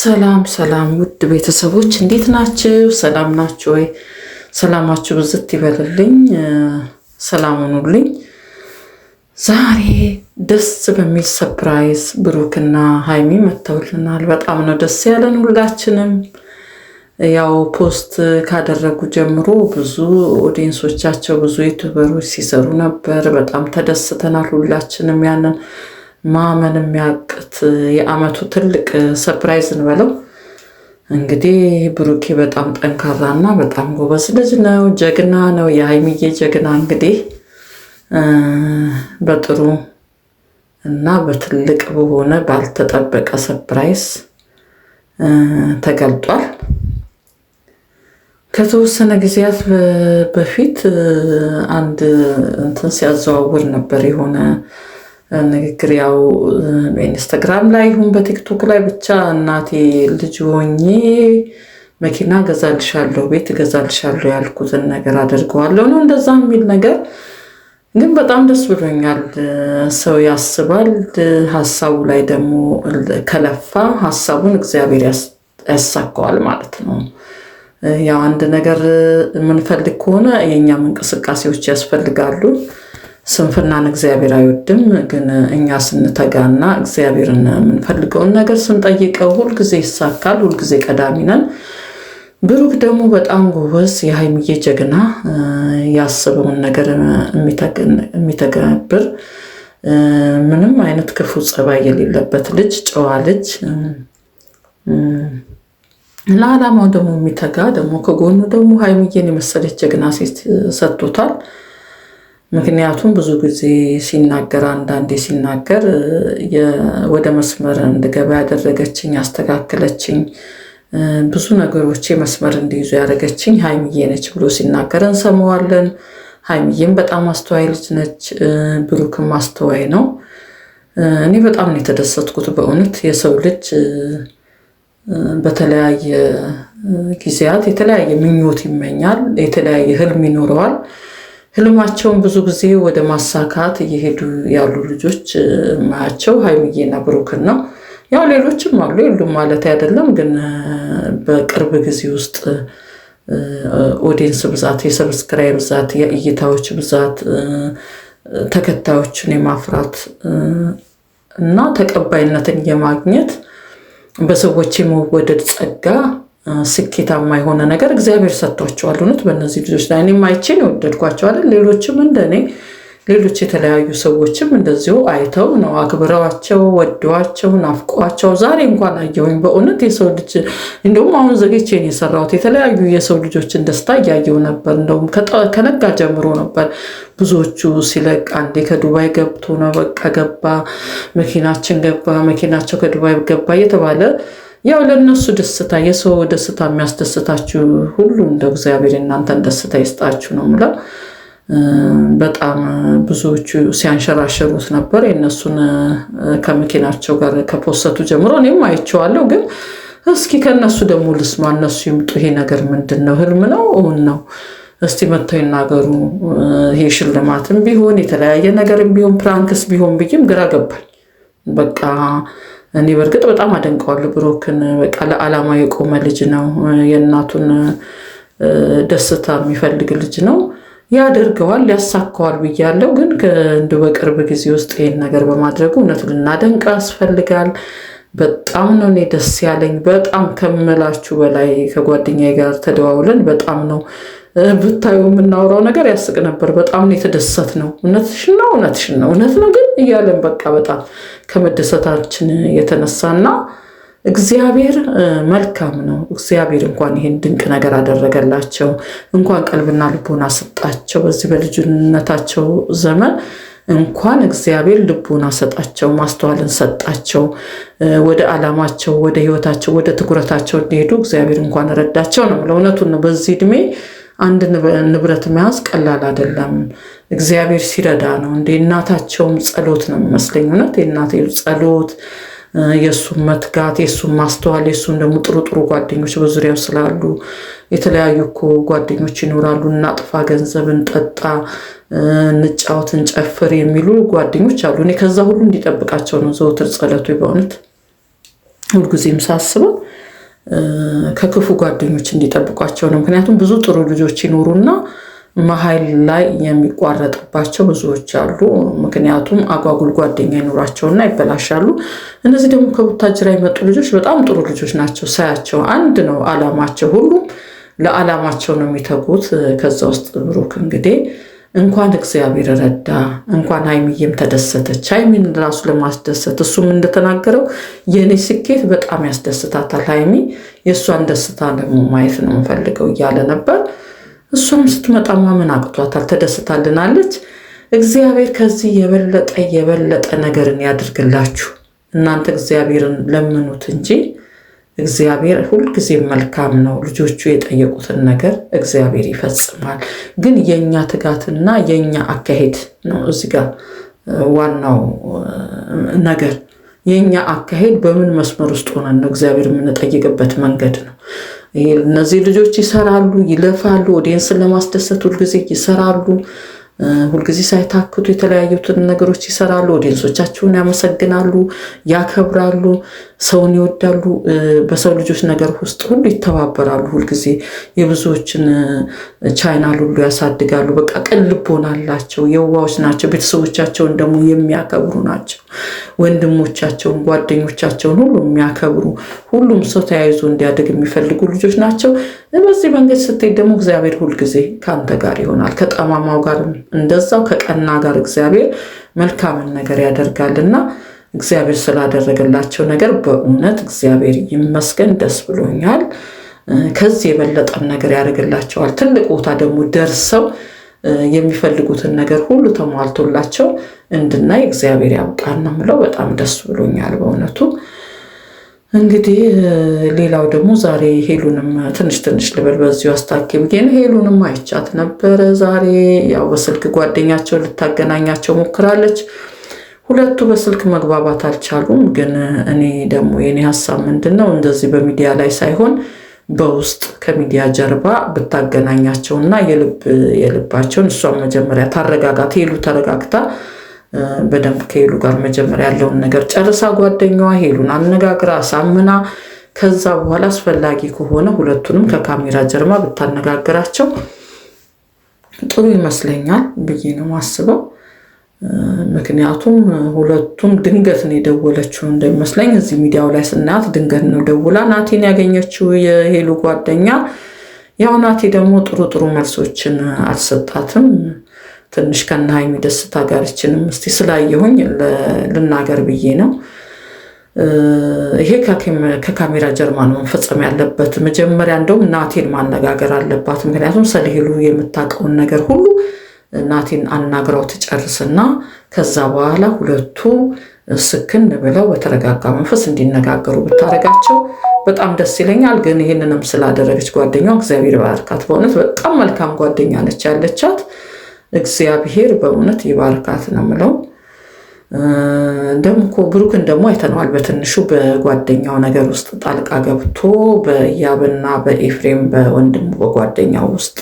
ሰላም ሰላም ውድ ቤተሰቦች እንዴት ናችሁ? ሰላም ናችሁ ወይ? ሰላማችሁ ብዝት ይበልልኝ፣ ሰላም ሁኑልኝ። ዛሬ ደስ በሚል ሰፕራይዝ ብሩክና ሀይሚ መጥተውልናል። በጣም ነው ደስ ያለን ሁላችንም። ያው ፖስት ካደረጉ ጀምሮ ብዙ ኦዲየንሶቻቸው ብዙ ዩቱበሮች ሲሰሩ ነበር። በጣም ተደስተናል ሁላችንም ያንን ማመን የሚያቅት የአመቱ ትልቅ ሰርፕራይዝ እንበለው እንግዲህ ብሩኬ በጣም ጠንካራ እና በጣም ጎበዝ ልጅ ነው። ጀግና ነው። የሀይሚዬ ጀግና እንግዲህ በጥሩ እና በትልቅ በሆነ ባልተጠበቀ ሰርፕራይዝ ተገልጧል። ከተወሰነ ጊዜያት በፊት አንድ እንትን ሲያዘዋውር ነበር የሆነ ንግግር ያው ኢንስታግራም ላይ ይሁን በቲክቶክ ላይ ብቻ እናቴ ልጅ ሆኜ መኪና እገዛልሻለሁ፣ ቤት እገዛልሻለሁ ያልኩትን ነገር አድርገዋለሁ ነው እንደዛ የሚል ነገር ግን በጣም ደስ ብሎኛል። ሰው ያስባል። ሀሳቡ ላይ ደግሞ ከለፋ ሀሳቡን እግዚአብሔር ያሳካዋል ማለት ነው። ያው አንድ ነገር የምንፈልግ ከሆነ የእኛም እንቅስቃሴዎች ያስፈልጋሉ። ስንፍናን እግዚአብሔር አይወድም። ግን እኛ ስንተጋና እግዚአብሔርን የምንፈልገውን ነገር ስንጠይቀው ሁልጊዜ ይሳካል። ሁልጊዜ ቀዳሚ ነን። ብሩክ ደግሞ በጣም ጎበዝ የሀይሚዬ ጀግና፣ ያስበውን ነገር የሚተገብር ምንም አይነት ክፉ ጸባይ የሌለበት ልጅ፣ ጨዋ ልጅ፣ ለዓላማው ደግሞ የሚተጋ ደግሞ ከጎኑ ደግሞ ሀይሚዬን የመሰለች ጀግና ሴት ሰጥቶታል። ምክንያቱም ብዙ ጊዜ ሲናገር አንዳንዴ ሲናገር ወደ መስመር እንድገባ ያደረገችኝ ያስተካከለችኝ ብዙ ነገሮቼ መስመር እንዲይዙ ያደረገችኝ ሀይምዬ ነች ብሎ ሲናገር እንሰማዋለን። ሀይምዬም በጣም አስተዋይ ልጅ ነች፣ ብሩክም አስተዋይ ነው። እኔ በጣም ነው የተደሰትኩት በእውነት የሰው ልጅ በተለያየ ጊዜያት የተለያየ ምኞት ይመኛል፣ የተለያየ ህልም ይኖረዋል። ህልማቸውን ብዙ ጊዜ ወደ ማሳካት እየሄዱ ያሉ ልጆች ማያቸው ሀይሚዬና ብሩክን ነው። ያው ሌሎችም አሉ የሉም ማለት አይደለም፣ ግን በቅርብ ጊዜ ውስጥ ኦዲየንስ ብዛት፣ የሰብስክራይ ብዛት፣ የእይታዎች ብዛት፣ ተከታዮችን የማፍራት እና ተቀባይነትን የማግኘት በሰዎች የመወደድ ጸጋ ስኬታማ የሆነ ነገር እግዚአብሔር ሰጥቷቸዋል። እውነት በእነዚህ ልጆች ላይ እኔም አይቼን የወደድኳቸዋለን። ሌሎችም እንደኔ ሌሎች የተለያዩ ሰዎችም እንደዚሁ አይተው ነው አክብረዋቸው ወደዋቸው ናፍቋቸው ዛሬ እንኳን አየሁኝ። በእውነት የሰው ልጅ እንደውም አሁን ዘግቼን የሰራሁት የተለያዩ የሰው ልጆችን ደስታ እያየው ነበር። እንደውም ከነጋ ጀምሮ ነበር ብዙዎቹ ሲለቅ፣ አንዴ ከዱባይ ገብቶ ነው በቃ ገባ መኪናችን ገባ መኪናቸው ከዱባይ ገባ እየተባለ ያው ለእነሱ ደስታ የሰው ደስታ የሚያስደስታችሁ ሁሉ እንደ እግዚአብሔር እናንተን ደስታ ይስጣችሁ ነው ምለው። በጣም ብዙዎቹ ሲያንሸራሸሩት ነበር። የእነሱን ከመኪናቸው ጋር ከፖሰቱ ጀምሮ እኔም አይቼዋለሁ። ግን እስኪ ከእነሱ ደግሞ ልስማ። እነሱ ይምጡ። ይሄ ነገር ምንድን ነው? ህልም ነው? እውን ነው? እስቲ መጥተው ይናገሩ። ይሄ ሽልማትም ቢሆን የተለያየ ነገርም ቢሆን ፕራንክስ ቢሆን ብዬም ግራ ገባኝ። በቃ እኔ በእርግጥ በጣም አደንቀዋለሁ ብሩክን። በቃ ለዓላማ የቆመ ልጅ ነው። የእናቱን ደስታ የሚፈልግ ልጅ ነው። ያደርገዋል፣ ያሳካዋል ብያለሁ። ግን እንዲሁ በቅርብ ጊዜ ውስጥ ይህን ነገር በማድረጉ እውነቱ ልናደንቅ ያስፈልጋል። በጣም ነው እኔ ደስ ያለኝ፣ በጣም ከምላችሁ በላይ ከጓደኛ ጋር ተደዋውለን በጣም ነው ብታዩ የምናወራው ነገር ያስቅ ነበር። በጣም ነው የተደሰት ነው። እውነትሽን ነው ነው እውነት ነው ግን እያለን በቃ በጣም ከመደሰታችን የተነሳና እግዚአብሔር መልካም ነው። እግዚአብሔር እንኳን ይሄን ድንቅ ነገር አደረገላቸው። እንኳን ቀልብና ልቦና ሰጣቸው። በዚህ በልጅነታቸው ዘመን እንኳን እግዚአብሔር ልቦና ሰጣቸው፣ ማስተዋልን ሰጣቸው። ወደ ዓላማቸው፣ ወደ ህይወታቸው ወደ ትኩረታቸው እንዲሄዱ እግዚአብሔር እንኳን ረዳቸው ነው። ለእውነቱን ነው በዚህ እድሜ። አንድ ንብረት መያዝ ቀላል አይደለም። እግዚአብሔር ሲረዳ ነው። እንደ እናታቸውም ጸሎት ነው የሚመስለኝ። እውነት የእናቴ ጸሎት፣ የእሱን መትጋት፣ የእሱን ማስተዋል፣ የእሱን ደግሞ ጥሩ ጥሩ ጓደኞች በዙሪያው ስላሉ የተለያዩ እኮ ጓደኞች ይኖራሉ። እናጥፋ ገንዘብ፣ እንጠጣ፣ እንጫወት፣ እንጨፍር የሚሉ ጓደኞች አሉ። እኔ ከዛ ሁሉ እንዲጠብቃቸው ነው ዘወትር ጸለቱ። በእውነት ሁልጊዜም ሳስበው ከክፉ ጓደኞች እንዲጠብቋቸው ነው። ምክንያቱም ብዙ ጥሩ ልጆች ይኖሩና መሀል ላይ የሚቋረጥባቸው ብዙዎች አሉ። ምክንያቱም አጓጉል ጓደኛ ይኖራቸውና ይበላሻሉ። እነዚህ ደግሞ ከቡታጅራ የመጡ ልጆች በጣም ጥሩ ልጆች ናቸው። ሳያቸው አንድ ነው አላማቸው። ሁሉም ለአላማቸው ነው የሚተጉት። ከዛ ውስጥ ብሩክ እንግዲህ እንኳን እግዚአብሔር ረዳ፣ እንኳን ሀይሚዬም ተደሰተች። ሀይሚን ራሱ ለማስደሰት እሱም እንደተናገረው የእኔ ስኬት በጣም ያስደስታታል፣ ሀይሚ የእሷን ደስታ ደግሞ ማየት ነው የምፈልገው እያለ ነበር። እሷም ስትመጣ ማመን አቅቷታል፣ ተደስታልናለች። እግዚአብሔር ከዚህ የበለጠ የበለጠ ነገርን ያድርግላችሁ። እናንተ እግዚአብሔርን ለምኑት እንጂ እግዚአብሔር ሁልጊዜ መልካም ነው። ልጆቹ የጠየቁትን ነገር እግዚአብሔር ይፈጽማል። ግን የእኛ ትጋትና የእኛ አካሄድ ነው እዚህ ጋር ዋናው ነገር። የእኛ አካሄድ በምን መስመር ውስጥ ሆነን ነው እግዚአብሔር የምንጠይቅበት መንገድ ነው። እነዚህ ልጆች ይሰራሉ፣ ይለፋሉ፣ ኦዲየንስን ለማስደሰት ሁልጊዜ ይሰራሉ። ሁልጊዜ ሳይታክቱ የተለያዩትን ነገሮች ይሰራሉ። ኦዲየንሶቻቸውን ያመሰግናሉ፣ ያከብራሉ። ሰውን ይወዳሉ። በሰው ልጆች ነገር ውስጥ ሁሉ ይተባበራሉ። ሁልጊዜ የብዙዎችን ቻይናል ሁሉ ያሳድጋሉ። በቃ ቅን ልቦና አላቸው። የዋዎች ናቸው። ቤተሰቦቻቸውን ደግሞ የሚያከብሩ ናቸው። ወንድሞቻቸውን፣ ጓደኞቻቸውን ሁሉ የሚያከብሩ ሁሉም ሰው ተያይዞ እንዲያደግ የሚፈልጉ ልጆች ናቸው። በዚህ መንገድ ስትሄድ ደግሞ እግዚአብሔር ሁልጊዜ ከአንተ ጋር ይሆናል። ከጠማማው ጋር እንደዛው፣ ከቀና ጋር እግዚአብሔር መልካምን ነገር ያደርጋልና እግዚአብሔር ስላደረገላቸው ነገር በእውነት እግዚአብሔር ይመስገን፣ ደስ ብሎኛል። ከዚህ የበለጠን ነገር ያደርግላቸዋል። ትልቅ ቦታ ደግሞ ደርሰው የሚፈልጉትን ነገር ሁሉ ተሟልቶላቸው እንድናይ እግዚአብሔር ያብቃን ነው የምለው። በጣም ደስ ብሎኛል በእውነቱ። እንግዲህ ሌላው ደግሞ ዛሬ ሄሉንም ትንሽ ትንሽ ልበል በዚሁ አስታኪም ግን ሄሉንም አይቻት ነበረ ዛሬ ያው በስልክ ጓደኛቸው ልታገናኛቸው ሞክራለች። ሁለቱ በስልክ መግባባት አልቻሉም። ግን እኔ ደግሞ የኔ ሀሳብ ምንድን ነው እንደዚህ በሚዲያ ላይ ሳይሆን በውስጥ ከሚዲያ ጀርባ ብታገናኛቸው እና የልብ የልባቸውን እሷን መጀመሪያ ታረጋጋ ሄሉ ተረጋግታ በደንብ ከሄሉ ጋር መጀመሪያ ያለውን ነገር ጨርሳ ጓደኛዋ ሄሉን አነጋግራ አሳምና ከዛ በኋላ አስፈላጊ ከሆነ ሁለቱንም ከካሜራ ጀርባ ብታነጋግራቸው ጥሩ ይመስለኛል ብዬ ነው ማስበው። ምክንያቱም ሁለቱም ድንገት ነው የደወለችው እንደሚመስለኝ። እዚህ ሚዲያው ላይ ስናያት ድንገት ነው ደውላ ናቲን ያገኘችው የሄሉ ጓደኛ። ያው ናቲ ደግሞ ጥሩ ጥሩ መልሶችን አልሰጣትም። ትንሽ ከና ሀይሚ ደስታ ጋርችንም እስቲ ስላየሁኝ ልናገር ብዬ ነው። ይሄ ከካሜራ ጀርባ ነው መፈጸም ያለበት። መጀመሪያ እንደውም ናቴን ማነጋገር አለባት። ምክንያቱም ስለ ሄሉ የምታውቀውን ነገር ሁሉ እናቴን አናግረው ትጨርስና ከዛ በኋላ ሁለቱ ስክን ብለው በተረጋጋ መንፈስ እንዲነጋገሩ ብታደረጋቸው በጣም ደስ ይለኛል። ግን ይህንንም ስላደረገች ጓደኛ እግዚአብሔር ባርካት። በእውነት በጣም መልካም ጓደኛ ነች ያለቻት። እግዚአብሔር በእውነት ይባርካት ነው የምለው። ደግሞ እኮ ብሩክን ደግሞ አይተነዋል። በትንሹ በጓደኛው ነገር ውስጥ ጣልቃ ገብቶ በያብና በኤፍሬም በወንድሙ በጓደኛው ውስጥ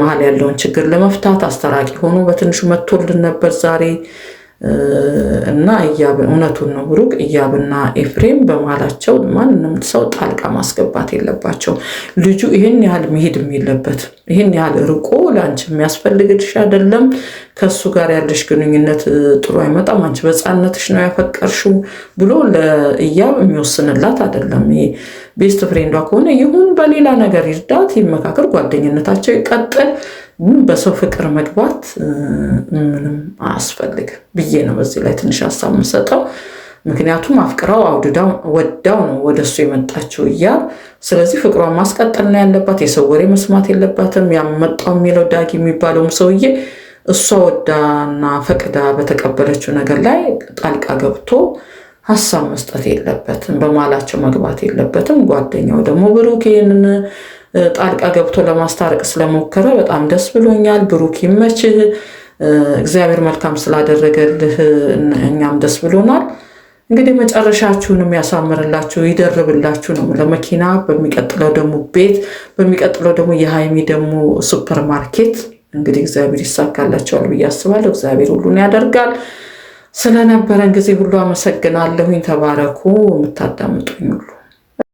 መሀል ያለውን ችግር ለመፍታት አስተራቂ ሆኖ በትንሹ መጥቶልን ነበር ዛሬ እና እያብ እውነቱን ነው ብሩክ። እያብና ኤፍሬም በማላቸው ማንም ሰው ጣልቃ ማስገባት የለባቸው። ልጁ ይህን ያህል መሄድም የለበት። ይህን ያህል ርቆ ለአንቺ የሚያስፈልግልሽ አይደለም። ከሱ ጋር ያለሽ ግንኙነት ጥሩ አይመጣም። አንቺ በፃነትሽ ነው ያፈቀርሽው ብሎ ለእያብ የሚወስንላት አይደለም። ቤስት ፍሬንዷ ከሆነ ይሁን፣ በሌላ ነገር ይርዳት፣ ይመካከል፣ ጓደኝነታቸው ይቀጥል። በሰው ፍቅር መግባት ምንም አያስፈልግም ብዬ ነው በዚህ ላይ ትንሽ ሀሳብ የምሰጠው። ምክንያቱም አፍቅራው አውድዳው ወዳው ነው ወደ እሱ የመጣችው እያል ስለዚህ ፍቅሯን ማስቀጠል ነው ያለባት። የሰው ወሬ መስማት የለባትም። ያመጣው የሚለው ዳጊ የሚባለውም ሰውዬ እሷ ወዳና ፈቅዳ በተቀበለችው ነገር ላይ ጣልቃ ገብቶ ሀሳብ መስጠት የለበትም። በማላቸው መግባት የለበትም። ጓደኛው ደግሞ ብሩክ ይህንን ጣልቃ ገብቶ ለማስታረቅ ስለሞከረ በጣም ደስ ብሎኛል። ብሩክ ይመችህ፣ እግዚአብሔር መልካም ስላደረገልህ እኛም ደስ ብሎናል። እንግዲህ መጨረሻችሁንም ያሳምርላችሁ፣ ይደርብላችሁ ነው ለመኪና በሚቀጥለው ደግሞ ቤት በሚቀጥለው ደግሞ የሀይሚ ደግሞ ሱፐር ማርኬት እንግዲህ እግዚአብሔር ይሳካላቸዋል ብዬ አስባለሁ። እግዚአብሔር ሁሉን ያደርጋል። ስለነበረን ጊዜ ሁሉ አመሰግናለሁኝ። ተባረኩ የምታዳምጡኝ ሁሉ